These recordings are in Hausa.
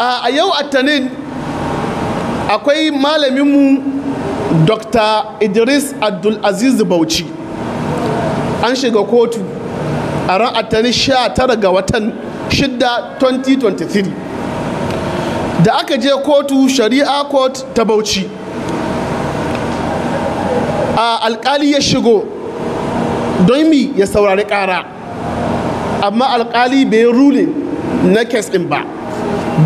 a yau attanin akwai malaminmu dr idris abdulaziz bauchi an shiga kotu a ran attanin 19 ga watan 6 2023 da aka je kotu shari'a court ta bauchi a alkali ya shigo don mi ya saurari kara amma alkali bai rule na kes ɗin ba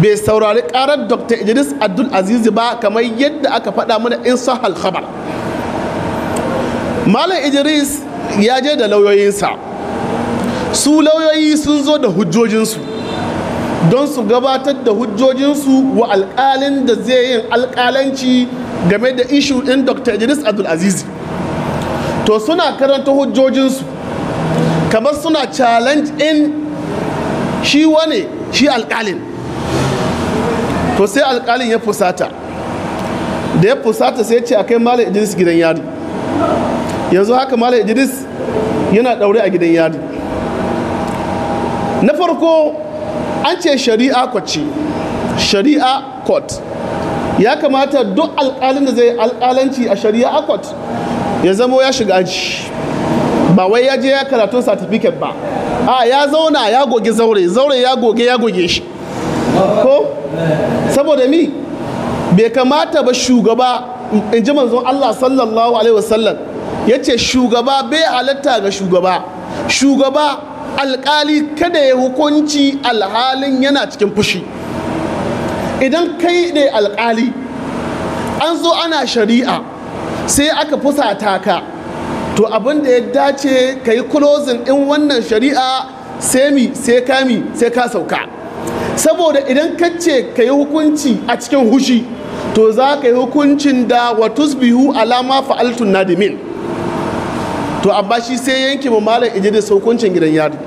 bai saurari karar dr idris abdul aziz ba kamar yadda aka faɗa mana in sahal khabar malam idris ya je da lauyoyinsa su lauyoyi sun zo da hujjojinsu don su gabatar da hujjojinsu wa alƙalin da zai yin alƙalanci game da ishu ɗin dr idris aziz to suna karanta hujjojinsu kamar suna challenge in shi wane shi alƙalin to sai alƙalin ya fusata da ya fusata sai ce a kai malam idris gidan yari yanzu haka malam idris yana ɗaure a gidan yari na farko an ce shari'a kwace shari'a court ya kamata duk alƙalin da zai alƙalanci a shari'a court ya zamo ya shiga aji ba wai ya je ya karatu certificate ba a ya zauna ya goge zaure zaure ya goge ya goge shi ko saboda mi bai kamata ba shugaba in ji manzon Allah sallallahu alaihi wasallam ya shugaba bai halatta ga shugaba shugaba alkali kada ya hukunci alhalin yana cikin fushi idan kai ne alkali an zo ana shari'a sai aka fusata ka to abin da ya dace ka yi closing in wannan shari'a sai mi sai kami sai ka sauka saboda idan kace ce ka yi hukunci a cikin hushi to za ka yi hukuncin da wa tusbihu alama fa'altun nadimin to abba shi sai yanke mu malam idris saukuncin gidan yari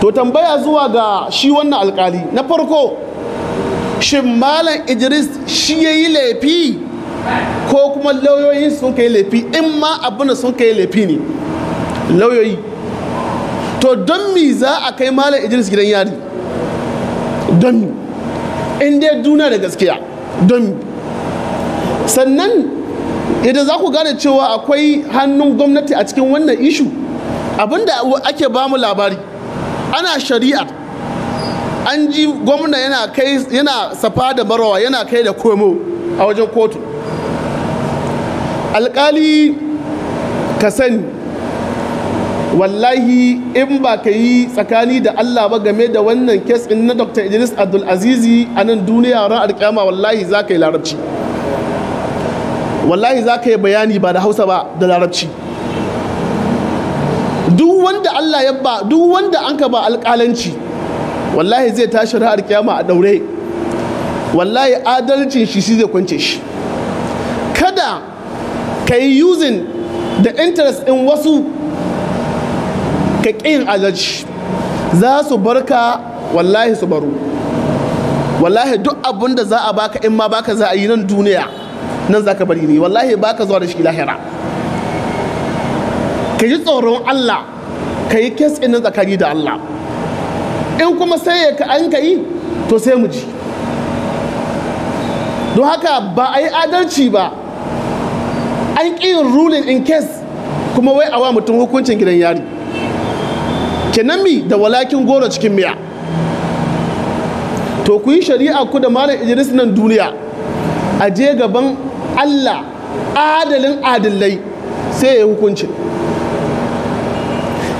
to tambaya zuwa ga shi wannan alkali na farko shin malam idris shi ya yi laifi ko kuma lauyoyin sun kai laifi in ma abin sun kai laifi ne lauyoyi to don me za a kai malam idris gidan yari don in dai duniya da gaskiya don sannan idan za ku gane cewa akwai hannun gwamnati a cikin wannan ishu abinda ake ba mu labari ana shari'a an ji gwamna yana kai yana safa da barawa yana kai da komo a wajen kotu alkali ka sani wallahi in ba ka yi tsakani da Allah ba game da wannan kes in na Dr. Idris Abdul Azizi a nan duniya ran alƙiyama wallahi za ka yi larabci wallahi za ka yi bayani ba da Hausa ba da larabci duk wanda Allah ya ba duk wanda an ka ba alƙalanci wallahi zai tashi ran alƙiyama a daure wallahi adalcin shi shi zai kwance shi kada ka yi using the interest in wasu ka ƙin adalci za su barka wallahi su baro wallahi duk abin da za a baka in ma baka za a yi nan duniya nan za ka bari ne wallahi baka zuwa da shi lahira ka ji tsoron Allah ka yi kes ɗin tsakani da Allah in kuma sai ya an ka yi to sai mu ji don haka ba a yi adalci ba an ƙi yin ruling in case kuma wai a wa mutum hukuncin gidan yari kenan mi da walakin goro cikin miya to ku yi shari'a ku da malam idris nan duniya a je gaban allah adalin adalai sai ya hukunci.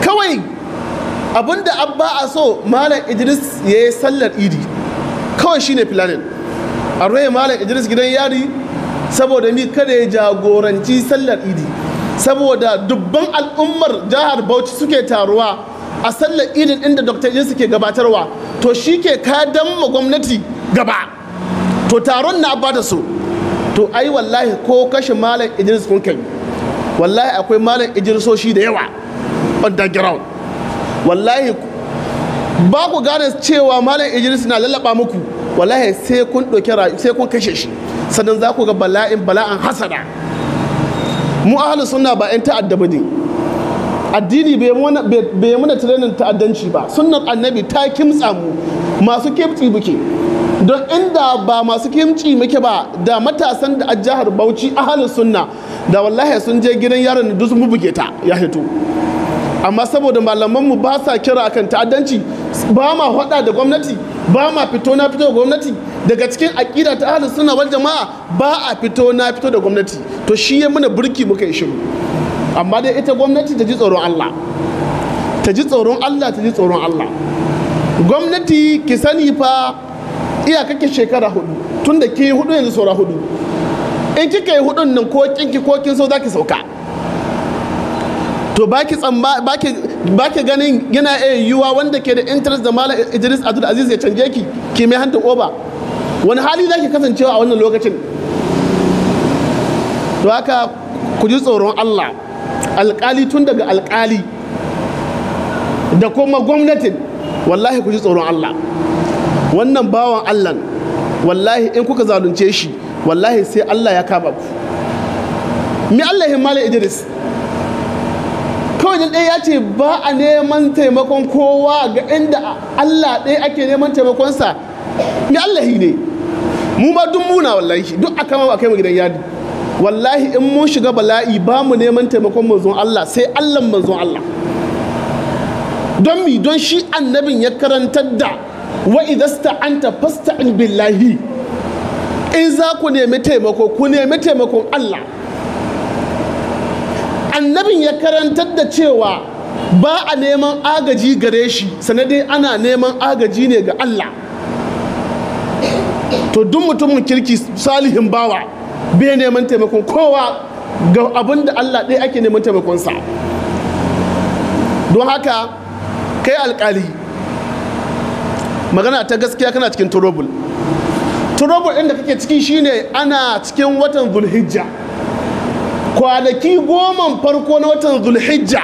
kawai abinda abba a so malam idris ya yi sallar idi kawai shine filanin a rai malam idris gidan yari saboda mi kada ya jagoranci sallar idi saboda dubban al'ummar jihar bauchi suke taruwa a sallar idin inda dr idris ke gabatarwa to shi ke kadan ma gwamnati gaba to taron na bada so to ai wallahi ko kashe malam idris kun kai wallahi akwai malam idrisoshi da yawa ground wallahi ba ku gane cewa malam idris na lallaba muku wallahi sai kun ɗauki sai kun kashe shi sannan za ku ga bala'in bala'an hasada mu ahlu sunna ba 'yan ta'adda ba ne addini bai yi mana tirenin ta'addanci ba sunnan annabi ta kimtsa mu masu kimtsi muke don inda ba masu kimci muke ba da matasan da jihar bauchi a halin sunna da wallahi sun je gidan yaron duk mu buge ta ya hito amma saboda malamanmu ba sa kira akan ta'addanci ba ma hada da gwamnati ba ma fito na fito da gwamnati daga cikin akida ta ahalin sunna wal jama'a ba a fito na fito da gwamnati to shi ya muna burki muka yi shiru amma dai ita gwamnati ta ji tsoron Allah ta ji tsoron Allah ta ji tsoron Allah gwamnati ki sani fa iya kake shekara hudu tun da ki hudu yanzu saura hudu in kika yi hudun nan ko kinki ko kin so za ki sauka to baki tsamba baki baki ganin yana iya yiwuwa wanda ke da interest da malam Idris Abdul Aziz ya canje ki ki mai hanta oba wani hali zaki kasancewa a wannan lokacin to haka ku ji tsoron Allah alƙali tun daga alƙali da kuma gwamnatin wallahi ku ji tsoron Allah wannan bawan Allah wallahi in kuka zalunce shi wallahi sai Allah ya kama ku mi Allah ya mala Idris kawai da ɗaya ya ce ba a neman taimakon kowa ga inda Allah ɗaya ake neman taimakonsa mi Allah ne mu ma dun muna wallahi duk a kama ba kai mu gidan yadi wallahi in mun shiga bala'i ba mu neman taimakon manzon Allah sai Allah manzon Allah don mi don shi annabin ya karantar da wa idasta'anta fasta'in billahi in za ku nemi taimako ku nemi taimakon Allah annabin ya karantar da cewa ba a neman agaji gare shi sanadai ana neman agaji ne ga Allah to duk mutumin kirki salihin bawa bai neman taimakon kowa ga abin da Allah ɗaya ake neman taimakonsa don haka kai alkali magana ta gaskiya kana cikin turobul turobul ɗin da kake ciki shine ana cikin watan zulhijja kwanaki goma farko na watan zulhijja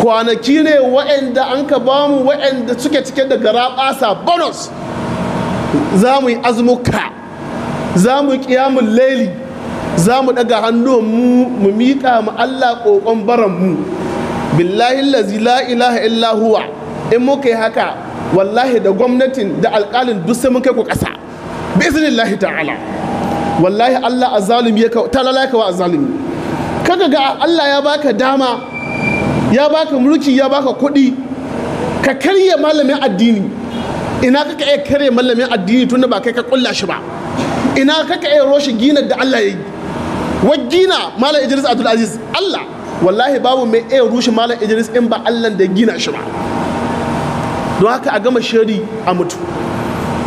kwanaki ne wa'anda an ka bamu wa'anda suke cike da garaɓasa bonus za mu yi azumuka za mu kiyamun laili za mu daga hannuwan mu mu miƙa mu Allah ƙoƙon baran mu billahi lazi la ilaha illa huwa in muka yi haka wallahi da gwamnatin da alƙalin duk sai mun kai ku ƙasa bisnillahi ta'ala wallahi Allah azalimi ya ka talala ka wa azalimi kaga ga Allah ya baka dama ya baka mulki ya baka kuɗi ka karya malamin addini ina ka iya karya malamin addini tunda ba kai ka kulla shi ba ina kaka iya roshi gina da Allah ya yi gina malam idris abdul aziz Allah wallahi babu mai iya rushe malam idris in ba Allah da gina shi ba don haka a gama shari a mutu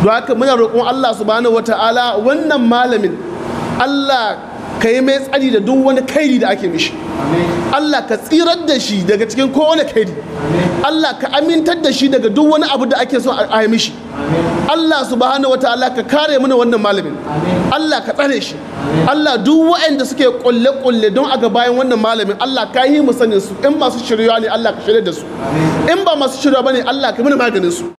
don haka muna roƙon Allah subhanahu wata'ala wannan malamin Allah ka yi mai tsari da duk wani kairi da ake mishi Allah ka tsirar da shi daga cikin kowane kairi Allah ka amintar da shi daga duk wani abu da ake so a yi mishi Allah subhanahu wataala ka kare mana wannan malamin Allah ka tsare shi Allah duk waɗanda suke kulle kulle don a bayan wannan malamin Allah ka yi mu su in masu shirya ne Allah ka shirya da su in ba masu shirya bane Allah ka mana maganin su